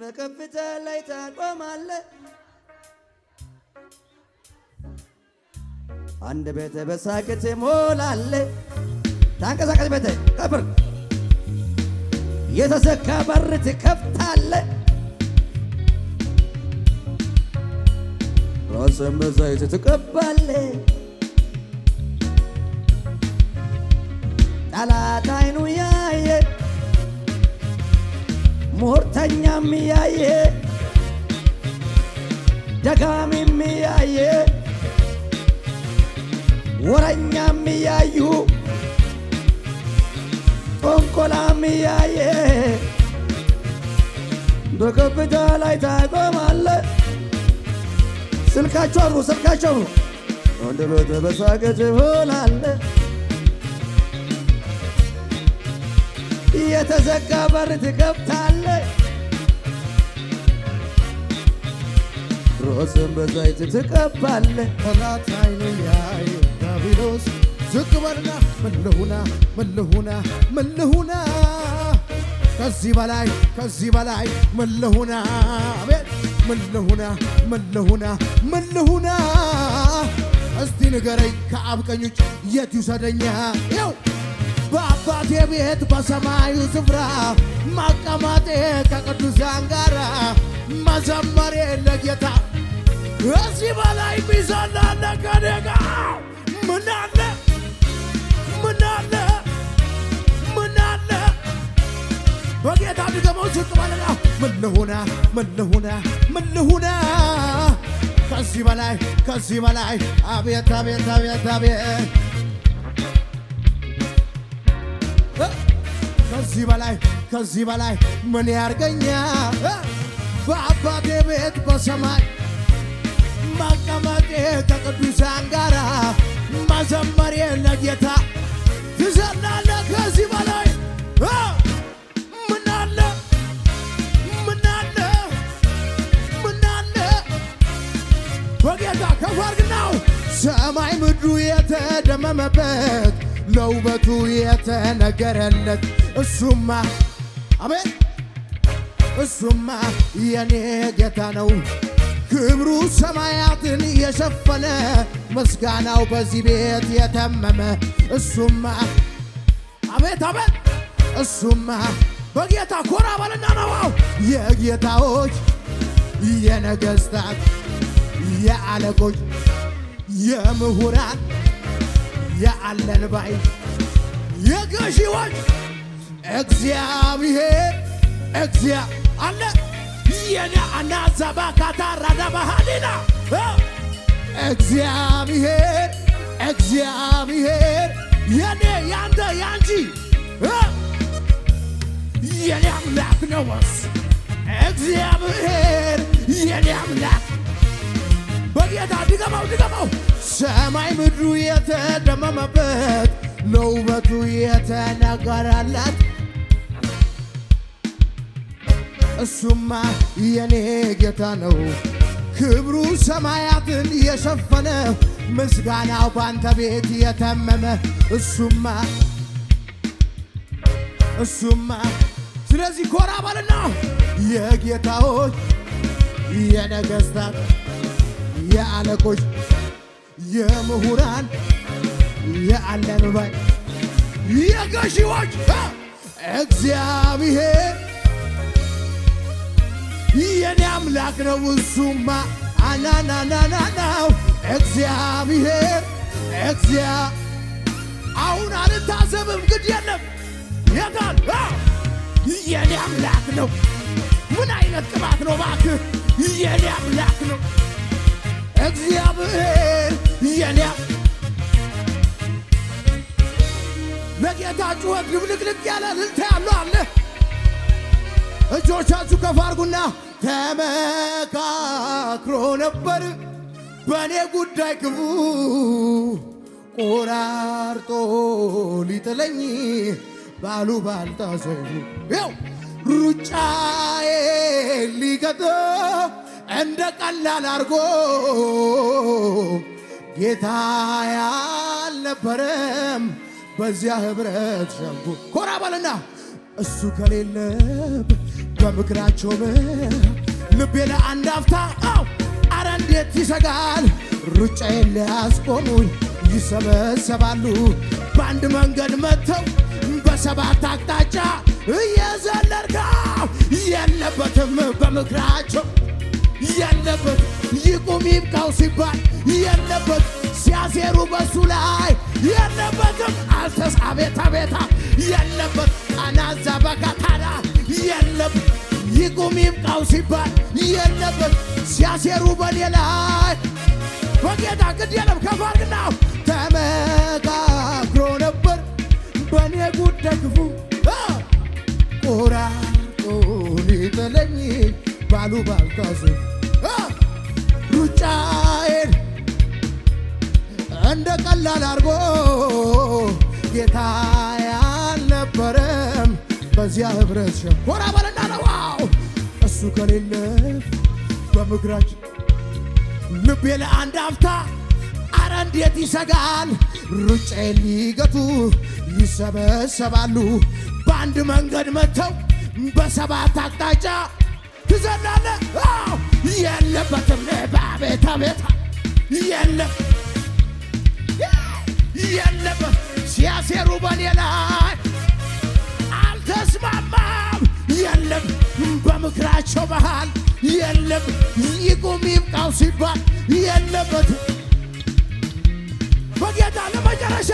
መከፍታ ላይ ታቆማለ። አንድ ቤተ በሳቅት ሞላለ። ታንቀሳቀስ ቤተ ከፍር የተሰካ በር ትከፍታለ። ራስን በዘይት ትቀባለ። ጠላት አይኑ ያየ ሙርተኛም እያየ ደጋሚም ያየ ወረኛም እያዩ ጦንቆላም እያየ በከፍታ ላይ ታቆማለ። ስልካችሁ አብሩ፣ ስልካችሁ አብሩ። ወንድ በተበሳቀ ትሆናለ የተዘጋ በር ትከፍታለህ። ሮስን በዘይት ትቀባለህ። ጠላት ኃይል ያይ ዳቢሎስ ዝቅ በልና ምን ልሁና ምን ከዚህ በላይ ከዚህ በላይ ምን ልሁና አቤት ምን ልሁና ምን ልሁና ምን ልሁና እስቲ ንገረኝ ከአብ የት ይውሰደኛ በአባቴ ቤት በሰማዩ ስፍራ መቀመጤ ከቅዱሳን ጋራ መዘመሬ ለጌታ እዚህ በላይ ሚዘላለ ከኔጋ ምናለ ምናለ ምናለ በጌታ ድገመው ዝቅ ባለና ምን ልሁና ምን ልሁና ምን ልሁና ከዚህ በላይ ከዚህ በላይ አቤት አቤት አቤት አቤት ከዚህ በላይ ከዚህ በላይ ምን ያርገኛ በአባቴ ቤት በሰማይ መቀመጤ ከቅዱሳን ጋራ መዘመሬ ለጌታ ትዘናለ ከዚህ በላይ ምናለ ምናለ ሰማይ ምድሩ የተደመመበት ለውበቱ የተነገረለት እሱማ አሜን እሱማ የኔ ጌታ ነው። ክብሩ ሰማያትን የሸፈነ ምስጋናው በዚህ ቤት የተመመ እሱማ አቤት አቤት እሱማ በጌታ ኮራ በልና ነዋው የጌታዎች የነገሥታት የአለቆች የምሁራን የአለን ባይ የገዢዎች እግዚአብሔር እግዚአ አለ የኔ አናዛባ ካታ ራዳባሃሊና እግዚአብሔር እግዚአብሔር የኔ ያንተ ያንቺ የኔ አምላክ ነውስ እግዚአብሔር የኔ አምላክ በጌታ ድገመው ድገመው ሰማይ ምድሩ የተደመመበት ለውበቱ የተነገረለት እሱማ የኔ ጌታ ነው። ክብሩ ሰማያትን የሸፈነ ምስጋና ባንተ ቤት የተመመ እሱማ እሱማ ስለዚህ ኮራ ባልና የጌታዎች የነገሥታት የአለቆች የምሁራን የአለን ባይ የገዢዎች እግዚአብሔር የኔ አምላክ ነው እሱማ አናናናናናው እግዚአብሔር እግዚአ አሁን አልታዘብም ግድ የለም የታል የኔ አምላክ ነው ምን አይነት ቅባት ነው ባክ የኔ አምላክ ነው እግዚአብሔር የኔ በጌታ ጩኸት ልብልቅልቅ ያለ ልልታ ያለው አለ። እጆቻችሁ ከፍ አድርጉና ተመካክሮ ነበር በእኔ ጉዳይ ክፉ ቆራርጦ ሊጥለኝ ባሉባልታ ሰው ው ሩጫዬ ሊገጠ እንደ ቀላል አድርጎ ጌታ ያልነበረም በዚያ ህብረት ሸንጎ ኮራ በልና እሱ ከሌለብ በምክራቸው ልቤ ለአንድ አፍታ አው አረ እንዴት ይሰጋል ሩጫዬን ሊያስቆሙኝ ይሰበሰባሉ በአንድ መንገድ መጥተው በሰባት አቅጣጫ እየዘለርጋ የለበትም በምክራቸው የለበት ይቁም ይብቃው ሲባል የለበት ሲያሴሩ በሱ ላይ የለበትም አንተስ አቤታ ቤታ የለበት አናዛ በካታዳ የለበት ይቁም ይብቃው ሲባል የለበት ሲያሴሩ በኔ ላይ በጌታ ግድ ከፋርግና ተመካክሮ ነበር በእኔ ጉዳይ ክፉ ቆራርጦ ሊጥለኝ ባሉ ባልታስብ ምርጫዬን እንደ ቀላል አርጎ ጌታ ያልነበረም በዚያ ህብረት ሸኮራ በለና ነዋው እሱ ከሌለ በምግራችን ልቤ ለአንድ አፍታ አረ እንዴት ይሰጋል። ሩጬን ሊገቱ ይሰበሰባሉ በአንድ መንገድ መጥተው በሰባት አቅጣጫ ትዘላለ የለበትም በቤታ ቤታ የለ የለበት ሲያሴሩ በኔ ላይ አልተስማማም። የለም በምክራቸው መሃል የለም ይቁም ይብቃው ሲባል የለበት በጌታ ለመጨረሻ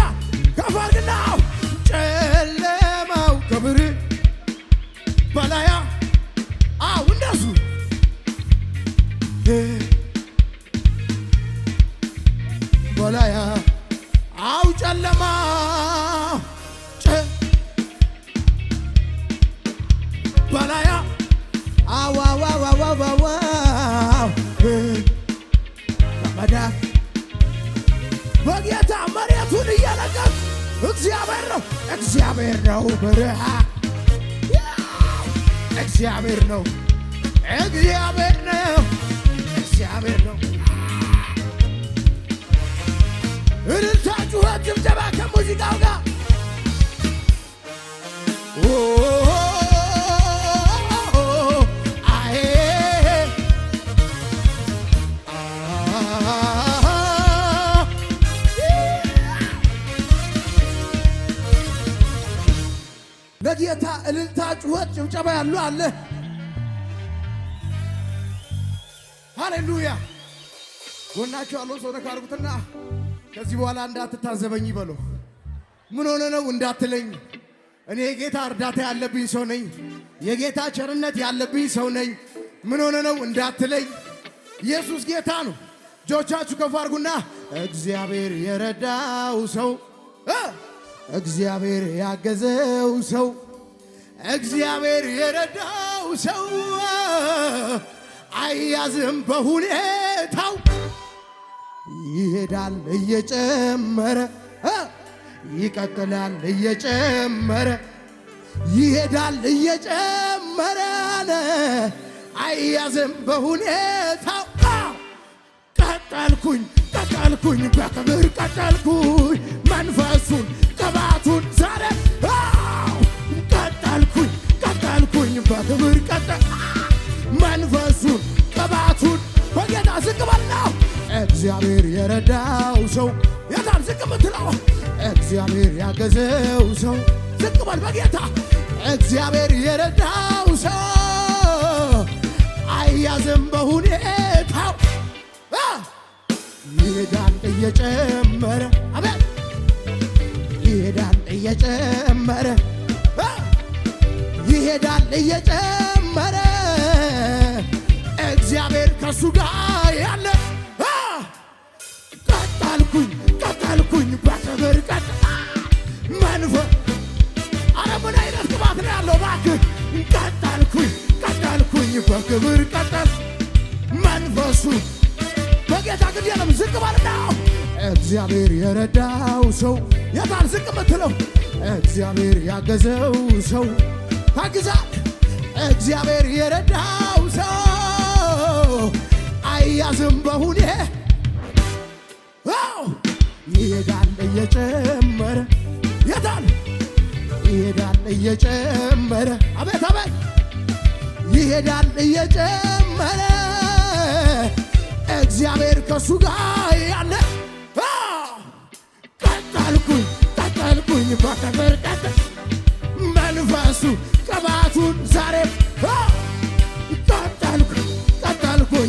ከፈርግናው ጨለማው ክብር በላያ እልልታ፣ ጩኸት፣ ጭብጨባ ያሉ አለ። ሃሌሉያ። ጎናቸው ያለውን ሰው ነካ ከዚህ በኋላ እንዳትታዘበኝ ይበሉ። ምን ሆነ ነው እንዳትለኝ። እኔ የጌታ እርዳታ ያለብኝ ሰው ነኝ። የጌታ ቸርነት ያለብኝ ሰው ነኝ። ምን ሆነ ነው እንዳትለኝ። ኢየሱስ ጌታ ነው። እጆቻችሁ ከፍ አድርጉና እግዚአብሔር የረዳው ሰው እግዚአብሔር ያገዘው ሰው እግዚአብሔር የረዳው ሰው አያዝም በሁኔታው ይሄዳል እየጨመረ ይቀጥላል እየጨመረ ይሄዳል እየጨመረ አያዝም በሁኔታው ቀጠልኩኝ ቀጠልኩኝ በክብር ቀጠልኩኝ መንፈሱን ቅባቱን ዛሬ ቀጠልኩኝ ቀጠልኩኝ በክብር ቀጠ መንፈሱን ቅባቱን በጌታ ዝቅ በላው እግዚአብሔር የረዳው ሰው የታም ዝቅ ምትለው እግዚአብሔር ያገዘው ሰው ዝቅ በል በጌታ እግዚአብሔር የረዳው ሰው አያዝም በሁኔታው ይሄዳል እየጨመረ አቤት ይሄዳል እየጨመረ ይሄዳል እየጨመረ እግዚአብሔር ከሱ ጋር ያለ ቀጠልኩኝ ቀጠልኩኝ በክብር ቀጥ መንፈ አረ ምን አይነት ቅባት ነው ያለው እባክህ ቀጠልኩኝ ቀጠልኩኝ በክብር ቀጠል መንፈሱ በጌታ ግን የለም ዝቅ ባልናው እግዚአብሔር የረዳው ሰው የታል ዝቅ ምትለው እግዚአብሔር ያገዘው ሰው አግዛል እግዚአብሔር የረዳው ሰው አያዝም በሁኔ ይሄዳል እየጨመረ የታል ይሄዳል እየጨመረ አቤት አቤት ይሄዳል እየጨመረ እግዚአብሔር ከሱ ጋር ያለ ቀጠልኩኝ ቀጠልኩኝ በከበር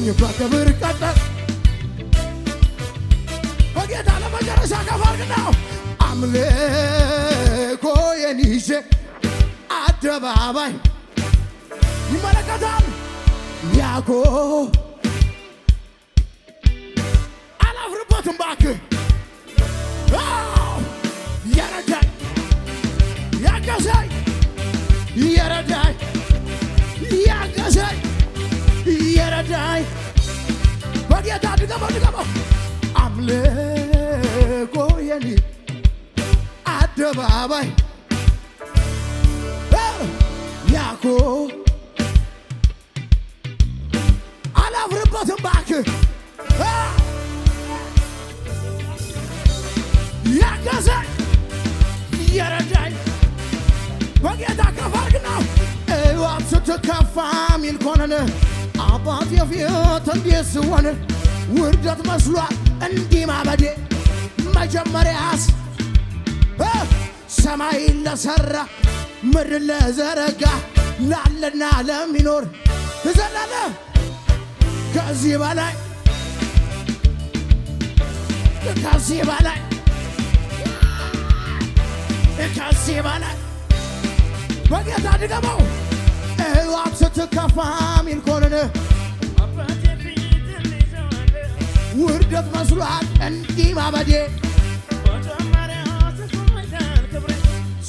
የባከብር ቀጠ በጌታ ለመጨረሻ ነው! አምልኮ ይዤ አደባባይ ይመለከታል ያኮ አላፍርበትም ባክ የረዳኝ ያገዘኝ የረዳኝ ያገዘኝ ገዳይ በጌታ ድገመው ድገመው አምልኮ የኔ አደባባይ ያኮ አላፍርበትም ባክ ያገዘ የረዳኝ በጌታ ከፋርግ ነው እዋብ ስትከፋ ሚልኮነን አባቴ ፊት እንዲህ ስሆን ውርደት መስሏ እንዲህ ማበዴ መጀመሪያስ ሰማይ ለሰራ ምድር ለዘረጋ ላለና ለሚኖር እዘላለ ከዚህ በላይ ከዚህ በላይ ከዚህ በላይ በጌታ ድገመው እዋብ ስትከፋ ሚልኮንን ውርደት መስሏል እንዲህ ማበዴ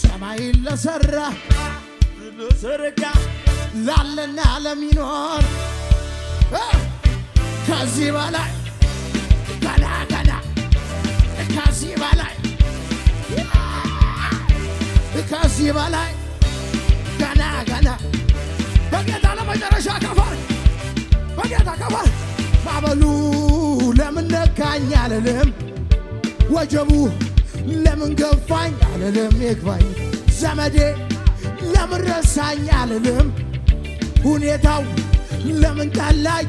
ሰማይ ለሰራ ላለና ለሚኖር ከዚህ በላይ ገና ገና ከዚህ በላይ ከዚህ በላይ ገና ገና በጌታ ለመጨረሻ ከፈር በጌታ ከፈር ማዕበሉ ለምን ነካኝ አልልም፣ ወጀቡ ለምን ገፋኝ አልልም። ይግባኝ ዘመዴ ለምን ረሳኝ አልልም፣ ሁኔታው ለምን ጠላኝ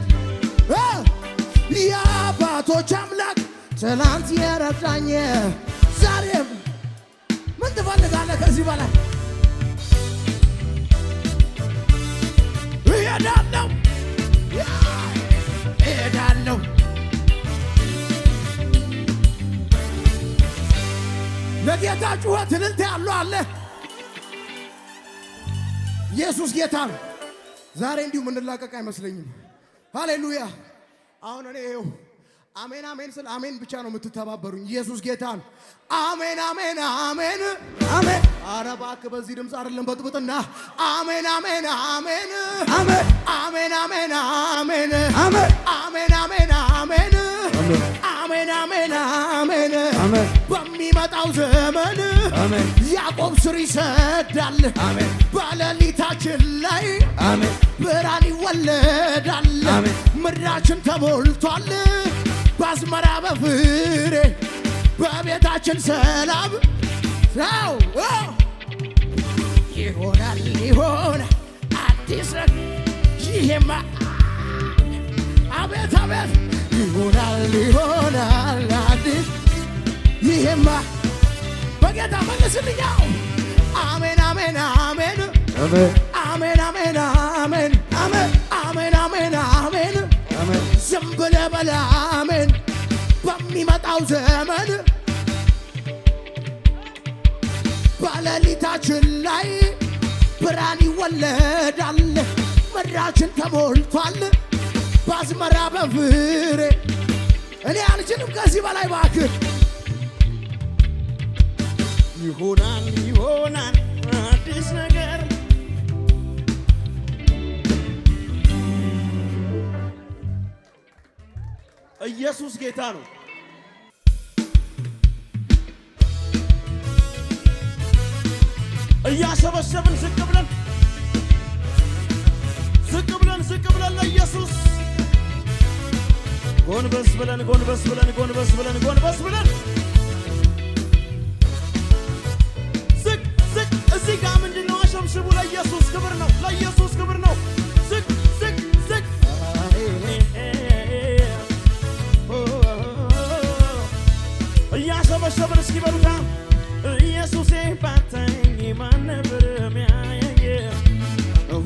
የአባቶች አምላክ ትላንት የረዳኝ ዛሬም ምን ትፈልጋለህ ከዚህ በላይ እሄዳለሁ የጌታ ጩኸት እልልታ ያለው አለ። ኢየሱስ ጌታ ነው። ዛሬ እንዲሁ ምንላቀቅ አይመስለኝም። ሃሌሉያ! አሁን እኔ ይኸው አሜን አሜን ስል አሜን ብቻ ነው የምትተባበሩኝ። ኢየሱስ ጌታ ነው። አሜን አሜን አሜን አሜን። ኧረ እባክህ በዚህ ድምፅ አይደለም በጥብጥና አሜን አሜን አሜን አሜን አሜን አሜን አሜን አሜን አሜን አሜን አሜን አሜን አሜን በሚመጣው ዘመን ያዕቆብ ስር ይሰዳል። በሌሊታችን ላይ ብርሃን ይወለዳል። ምድራችን ተሞልቷል በአዝመራ በፍሬ በቤታችን ሰላም ው ይሆናል ይሆናል አዲስ ይሄማ አቤት አቤት ይሆናል ይሆናል አዲስ ይሄማ በጌታ መልስልኛ። አሜን አሜን አሜን አሜን አሜን አሜን አሜን አሜን አሜን ዝም ብለህ በል አሜን በሚመጣው ዘመን በሌሊታችን ላይ ብርሃን ይወለዳል። ምድራችን ተሞልቷል በአዝመራ በፍሬ እኔ አልችልም ከዚህ በላይ ባክህ ይሆናል ይሆናል አዲስ ነገር ኢየሱስ ጌታ ነው። እያሰበሰብን ዝቅ ብለን ዝቅ ብለን ዝቅ ብለን ለኢየሱስ ጎንበስ ብለን ጎንበስ ብለን ጎንበስ ብለን ጎንበስ ብለን እዚህ ጋ ምንድነው ነው? አሸብሽቡ። ለኢየሱስ ክብር ነው፣ ለኢየሱስ ክብር ነው። ዝቅ ዝቅ ዝቅ እያሸበሸብን እስኪ በሉታ ኢየሱሴ ባታኝ ማን ነበር ሚያየኝ?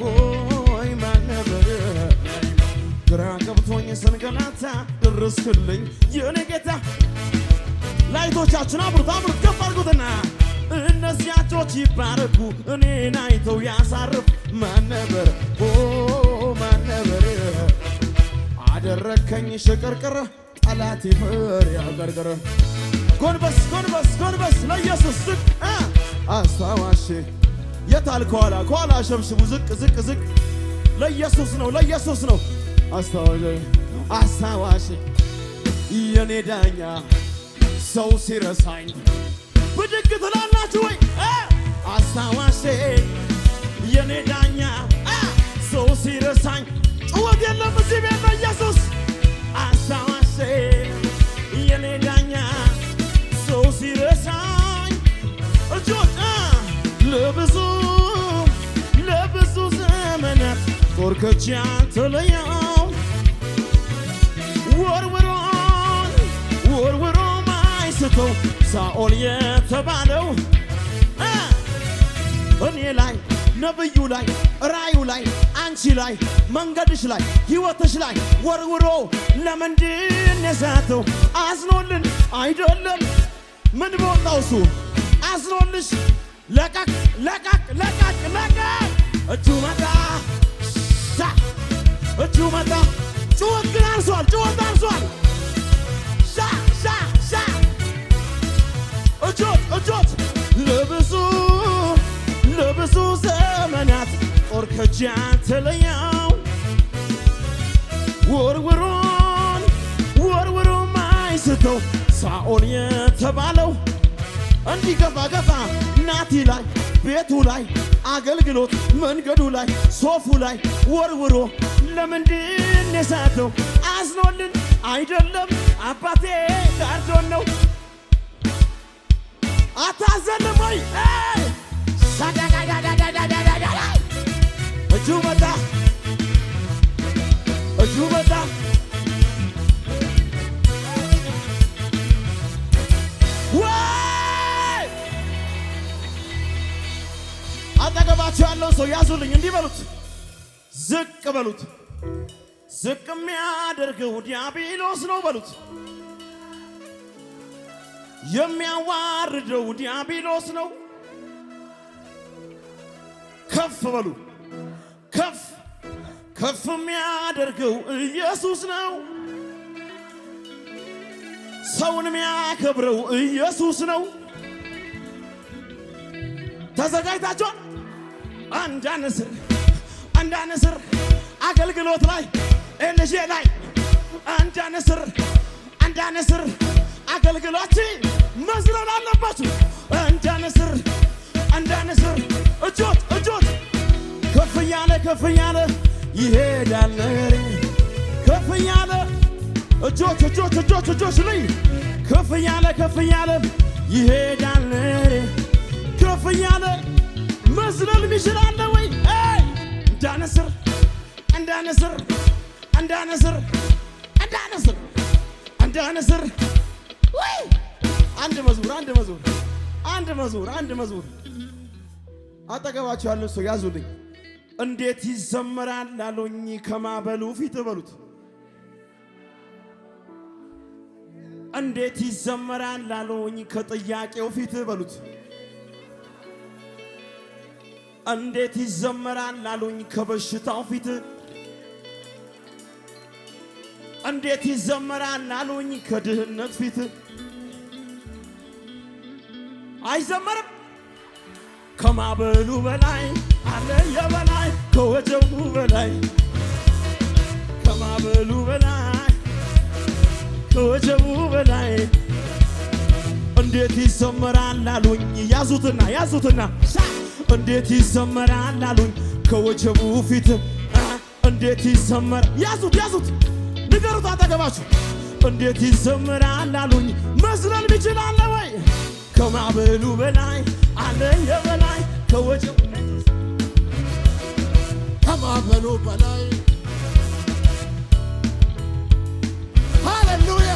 ሆይ ማን ነበር? ግራ ገብቶኝ ስንገላታ ደረስክልኝ የኔ ጌታ። ላይቶቻችን አብሩት አብሩት ከፍ አድርጉትና ነፍስያቶች ይባረኩ እኔን አይተው ያሳርፍ ማነበር ማነበር አደረከኝ ሽቅርቅር ጠላት ይፍር ያቀርቅር ጎንበስ ጎንበስ ጎንበስ ለኢየሱስ ዝቅ አስታዋሽ የታል ከኋላ ከኋላ ሸብሽቡ ዝቅ ዝቅ ዝቅ ለኢየሱስ ነው ለኢየሱስ ነው አስታዋሽ አስታዋሽ የኔ ዳኛ ሰው ሲረሳኝ ብድግ ትላላችሁ ወይ? አስታዋሴ የኔ ዳኛ ሰው ሲረሳኝ ጩኸት የለም እዚህ ቤት በኢየሱስ አስታዋሴ የኔ ዳኛ ሰው ሲረሳኝ እጆች ለብዙ ለብዙ ዘመናት ኮርከቻን ተለያው ወርውሮን ወርውሮ ያልከው ሳኦል የተባለው እኔ ላይ ነብዩ ላይ ራዩ ላይ አንቺ ላይ መንገድሽ ላይ ሕይወትሽ ላይ ወርውሮ ለምንድን የሳተው አዝኖልን አይደለም ምን በወጣው እሱ አዝኖልሽ ለቀቅ ለቀቅ ለቀቅ ለቀቅ እጁ መጣ እጁ መጣ ጩኸት ግን አንሷል ጩኸት አንሷል ጆት ለብዙ ለብዙ ዘመናት ጦር ከእጄ አልተለየው ውርውሩን ውርውሩ ማይስተው ሳኦል የተባለው እንዲገፋ ገፋ ናቲ ላይ ቤቱ ላይ አገልግሎት መንገዱ ላይ ሶፉ ላይ ወርውሮ ለምንድን የሳተው አዝኖልን አይደለም አባቴ ዳርዶን ነው አታዘንም ወይ? እጁ መጣ እጁ መጣ ወይ አጠገባቸው ያለውን ሰው ያዙልኝ፣ እንዲህ በሉት፣ ዝቅ በሉት። ዝቅ የሚያደርገው ዲያብሎስ ነው በሉት የሚያዋርደው ዲያብሎስ ነው። ከፍ በሉ ከፍ ከፍ የሚያደርገው ኢየሱስ ነው። ሰውን የሚያከብረው ኢየሱስ ነው። ተዘጋጅታችኋል? አንድ አንስር አንድ አንስር አገልግሎት ላይ ኤነርጂ ላይ አንድ አንስር አንድ አንስር አገልግሎት መዝለል አለባችሁ እንደ ንስር እንደ ንስር እጆት እጆት ከፍ እያለ ከፍ እያለ ይሄዳል ከፍ እያለ እጆች እጆች እጆች እጆች ላይ ከፍ እያለ ከፍ እያለ ይሄዳል ከፍ እያለ መዝለል የሚችል አለ ወይ? እንደ ንስር እንደ ንስር እንደ አንድ መዝሙር አንድ መዝሙር አንድ መዝሙር አንድ መዝሙር አጠገባችሁ ያለው ሰው ያዙልኝ። እንዴት ይዘመራል ላሎኝ ከማበሉ ፊት በሉት እንዴት ይዘመራል ላሎኝ ከጥያቄው ፊት በሉት እንዴት ይዘመራል ላሉኝ ከበሽታው ፊት እንዴት ይዘመራል ላሉኝ ከድህነት ፊት አይዘመርም ከማበሉ በላይ አለ የበላይ ከወጀቡ በላይ ከማበሉ በላይ ከወጀቡ በላይ እንዴት ይዘመራል አሉኝ። ያዙትና ያዙትና እንዴት ይዘመራል አሉኝ። ከወጀቡ ፊት እንዴት ይዘመር ያዙት ያዙት ንገሩት አጠገባችሁ እንዴት ይዘመራል አሉኝ። መዝለል ይችላል ወይ? ከማዕበሉ በላይ አለ የበላይ ከወጀብ ከማዕበሉ በላይ ሃሌሉያ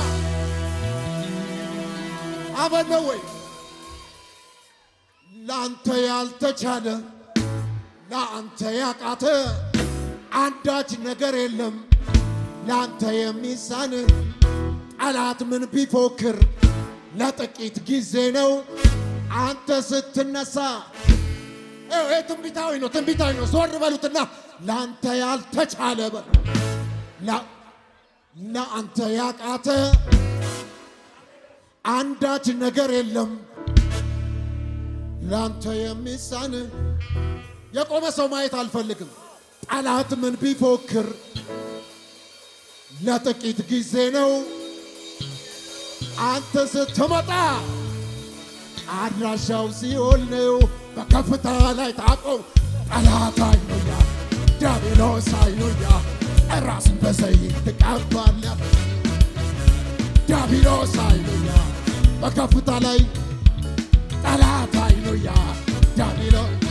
አበነው ወይ ለአንተ ያልተቻለ ለአንተ ያቃተ አንዳች ነገር የለም ለአንተ የሚሳን ጠላት ምን ቢፎክር ለጥቂት ጊዜ ነው። አንተ ስትነሳ ትንቢታዊ ነው፣ ትንቢታዊ ነው። ዞር በሉትና ለአንተ ያልተቻለ ለአንተ ያቃተ አንዳች ነገር የለም። ለአንተ የሚሳን የቆመ ሰው ማየት አልፈልግም። ጠላት ምን ቢፎክር ለጥቂት ጊዜ ነው አንተ ስትመጣ አድራሻው ሲኦል ነው። በከፍታ ላይ ታቆም ጠላት አይኑያ ዲያብሎስ አይኑያ ራስን በዘይት ትቀባለ ዲያብሎስ አይኑያ በከፍታ ላይ ጠላት አይኑያ ዲያብሎስ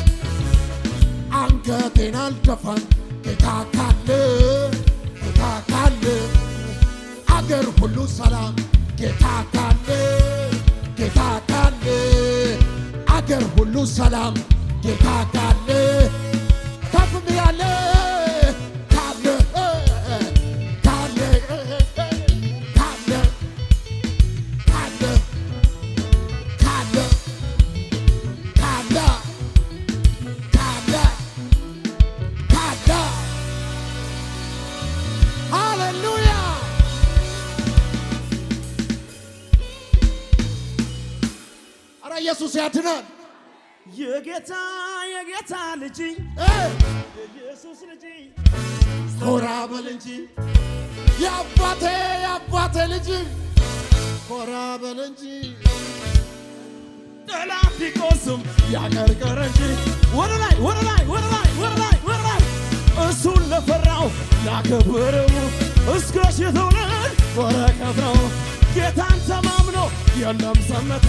አንገቴን አልደፋም ጌታ ካለ ጌታ ካለ አገር ሁሉ ሰላም ጌታ ካለ ጌታ ካለ አገር ሁሉ ሰላም ጌታ ካለ ኢየሱስ ያድናል። የጌታ የጌታ ልጅ ኢየሱስ ልጅ ኮራ በል እንጂ የአባቴ የአባቴ ልጅ ኮራ በል እንጂ ጠላት ቢቆስም ያቀርቅር እንጂ ወደ ላይ ወደ ላይ ወደ ላይ ወደ ላይ ወደ ላይ እሱን ለፈራው ላከብረው እስከ ሺህ ወረከብ ነው ጌታን ተማምኖ የለም ዘመታ።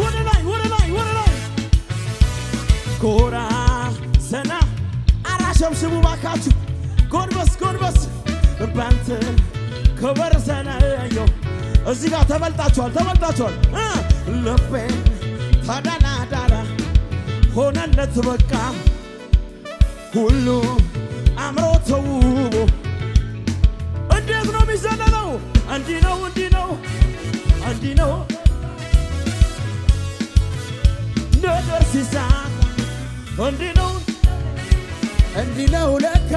ወደ ላይ ወደ ላይ ወደ ላይ ጎራ ዘና አራሸብሽቡ ባካችሁ ጎንበስ ጎንበስ ባንተ ክብር ዘና ያየው እዚህ ጋር ተበልጣችኋል ተበልጣችኋል። ልቤ ተዳዳራ ሆነለት በቃ ሁሉ አምሮ ተውቦ እንዴት ነው የሚዘለ እንዲህ ነው እንዲህ ነው እንዲህ ነው ነገር ሲሳካ እንዲህ ነው እንዲህ ነው ለካ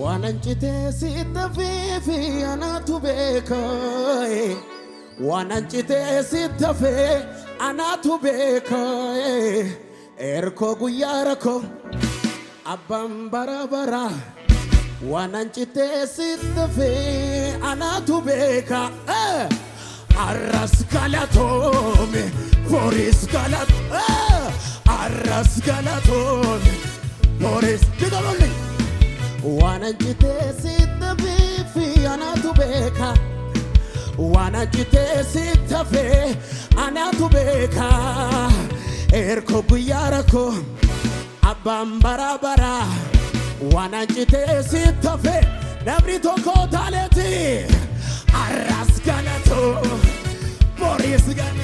ዋናንጭቴ ሲተፊፊ አናቱ ቤከይ ዋናንጭቴ ሲተፌ አናቱ ቤከይ ኤርኮ ጉያረኮ አባን በረበራ ዋናንጭቴ ስትፌ አናቱ ቤካ አራስ ጋላቶም ፖሪስ ጋላት አራስ ጋላቶም ፖሪስ ድገሙልኝ ዋናንጭቴ ስትፌፊ አናቱ ቤካ ዋናንጭቴ ስተፌ አናቱ ቤካ ኤርኮ ጉያረኮ አባን ዋናንጭቴ ሲተፌ ነብሪቶ ኮታለቲ አራስ ገነቱ ቦሪስ ገነ